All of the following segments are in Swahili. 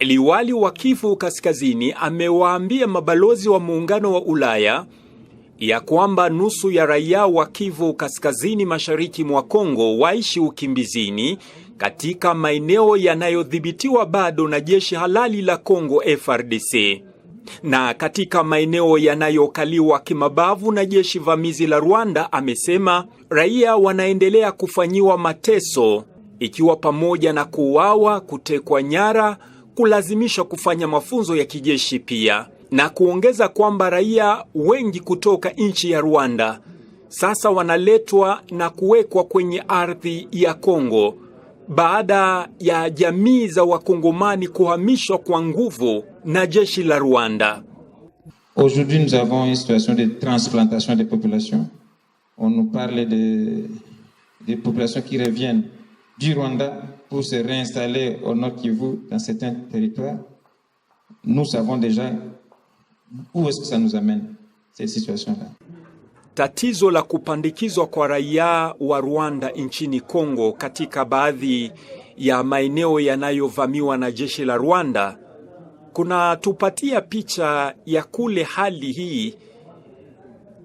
Liwali wa Kivu Kaskazini amewaambia mabalozi wa muungano wa Ulaya ya kwamba nusu ya raia wa Kivu Kaskazini mashariki mwa Kongo waishi ukimbizini katika maeneo yanayodhibitiwa bado na jeshi halali la Kongo FRDC na katika maeneo yanayokaliwa kimabavu na jeshi vamizi la Rwanda. Amesema raia wanaendelea kufanyiwa mateso, ikiwa pamoja na kuuawa, kutekwa nyara kulazimishwa kufanya mafunzo ya kijeshi pia, na kuongeza kwamba raia wengi kutoka nchi ya Rwanda sasa wanaletwa na kuwekwa kwenye ardhi ya Kongo baada ya jamii za Wakongomani kuhamishwa kwa nguvu na jeshi la Rwanda. Aujourd'hui nous avons une situation de transplantation des populations. On nous parle de des populations qui reviennent du Rwanda pour se réinstaller au Nord Kivu dans certains territoires, nous savons déjà où est-ce que ça nous amène, cette situation là Tatizo la kupandikizwa kwa raia wa Rwanda nchini Kongo katika baadhi ya maeneo yanayovamiwa na jeshi la Rwanda kunatupatia picha ya kule hali hii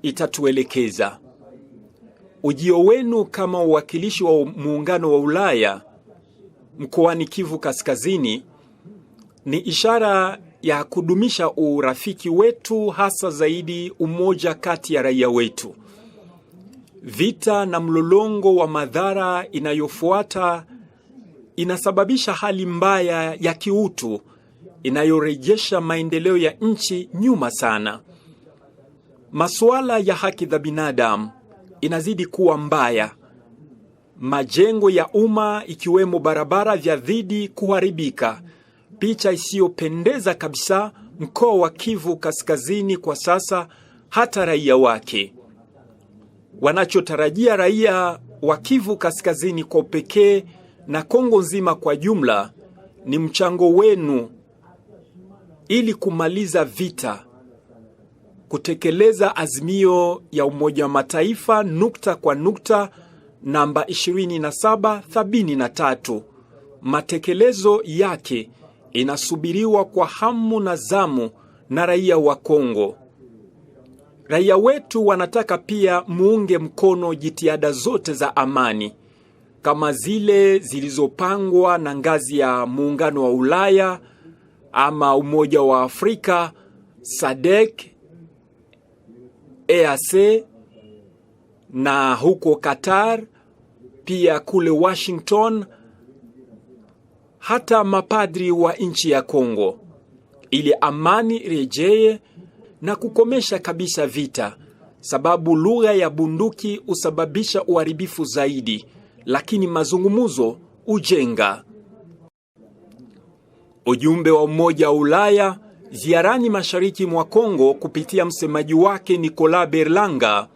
itatuelekeza ujio wenu kama uwakilishi wa muungano wa Ulaya mkoani Kivu Kaskazini ni ishara ya kudumisha urafiki wetu, hasa zaidi umoja kati ya raia wetu. Vita na mlolongo wa madhara inayofuata inasababisha hali mbaya ya kiutu inayorejesha maendeleo ya nchi nyuma sana. Masuala ya haki za binadamu inazidi kuwa mbaya, majengo ya umma ikiwemo barabara vya dhidi kuharibika, picha isiyopendeza kabisa mkoa wa Kivu Kaskazini kwa sasa. Hata raia wake wanachotarajia raia wa Kivu Kaskazini kwa upekee na Kongo nzima kwa jumla ni mchango wenu ili kumaliza vita kutekeleza azimio ya Umoja wa Mataifa nukta kwa nukta namba 2773. Matekelezo yake inasubiriwa kwa hamu na zamu na raia wa Kongo. Raia wetu wanataka pia muunge mkono jitihada zote za amani kama zile zilizopangwa na ngazi ya Muungano wa Ulaya ama Umoja wa Afrika, SADC EAC na huko Qatar pia kule Washington, hata mapadri wa nchi ya Kongo, ili amani rejee na kukomesha kabisa vita, sababu lugha ya bunduki husababisha uharibifu zaidi, lakini mazungumzo ujenga. Ujumbe wa Umoja wa Ulaya ziarani mashariki mwa Kongo kupitia msemaji wake Nicolas Berlanga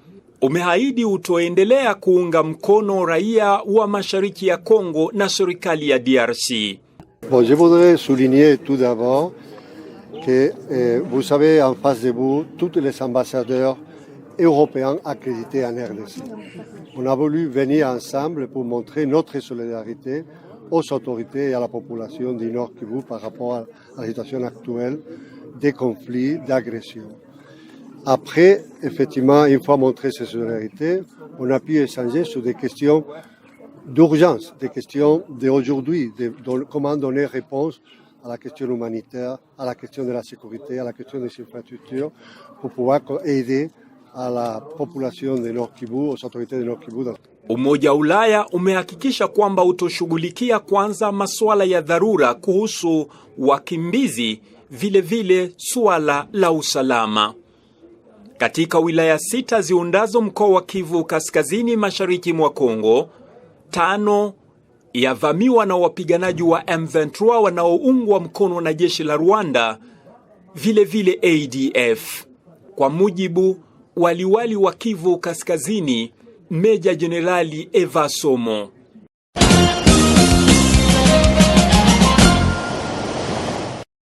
umeahidi utoendelea kuunga mkono raia wa mashariki ya Kongo na serikali ya DRC. Bon, je voudrais souligner tout d'abord que eh, vous savez en face de vous toutes les ambassadeurs européens accrédités en RDC. On a voulu venir ensemble pour montrer notre solidarité aux autorités et à la population du Nord Kivu par rapport à la situation actuelle des conflits, d'agressions. Après, effectivement, une fois montré ces solidarités, on a pu échanger sur des questions d'urgence, des questions d'aujourd'hui, de, comment donner réponse à la question humanitaire, à la question de la sécurité, à la question des infrastructures, pour pouvoir aider à la population de Nord-Kivu, aux autorités de Nord-Kivu Umoja wa Ulaya umehakikisha kwamba utoshughulikia kwanza masuala ya dharura kuhusu wakimbizi, vile vile suala la usalama. Katika wilaya sita ziundazo mkoa wa Kivu Kaskazini Mashariki mwa Kongo, tano yavamiwa na wapiganaji wa M23 wanaoungwa mkono na jeshi la Rwanda, vile vile ADF. Kwa mujibu waliwali wa Kivu Kaskazini Meja Jenerali Eva Somo.